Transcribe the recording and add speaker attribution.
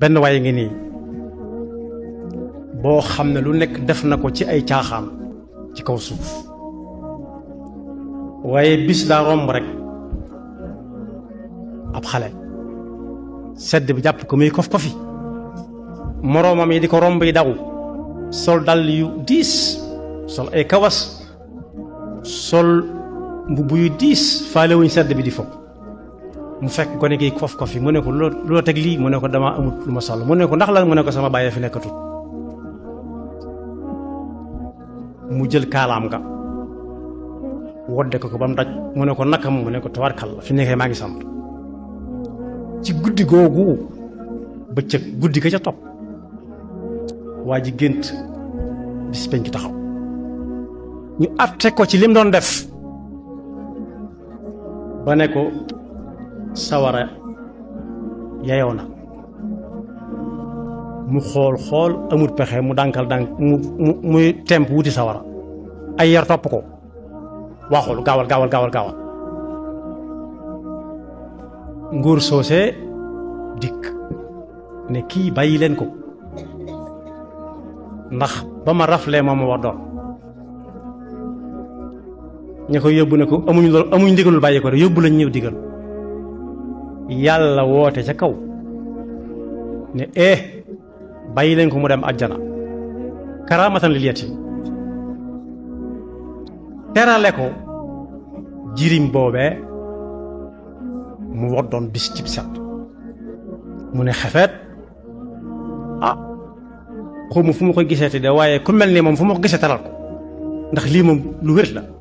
Speaker 1: benn waaye ngi nii boo xam ne lu nekk def na ko ci ay caaxaan ci kaw suuf waaye bis daa romb rek ab xale sedd bi jàpp ko muy kof kofi moroomam yi di ko romb yi daw sol dàll yu diis sol ay kawas sol mbubb yu diis faalewuñ sedd bi di foog mu fekk ko ne kii mu ne ko lu la teg lii mu ne ko damaa amut ma sol mu ne ko ndax lan mu ne ko sama bàyyee fi nekkatu mu jël kaalaam nga wodde ko ko ba mu daj mu ne ko nakam mu ne ko tawarkal fi nekkee maa ngi sant ci guddi googu bëccëg guddi ka ca topp waa ji gént bis penc taxaw ñu atte ko ci lim doon def ba ne sawara yayoo mu xool xool amul pexe mu dànkal dànk mu mu muy temp wuti sawara ay yar topp ko waxul gaawal gaawal gaawal gaawal nguur soose dikk ne kii bàyyi leen ko ndax ba ma raflee moom ma wax doon ña koy yóbbu ne ko amuñu loolu amuñu ndigalul bàyyi ko de yóbbu lañ ñëw digal yàlla woote ca kaw ne eh bàyyi ko mu dem ajjana karaamatan lil yatim terale ko jiriñ boobe mu woddoon bis cib set mu ne xefeet ah xawma fu ma ko gisee te de waaye ku mel nii moom fu ma ko gisee talal ko ndax lii moom lu wér la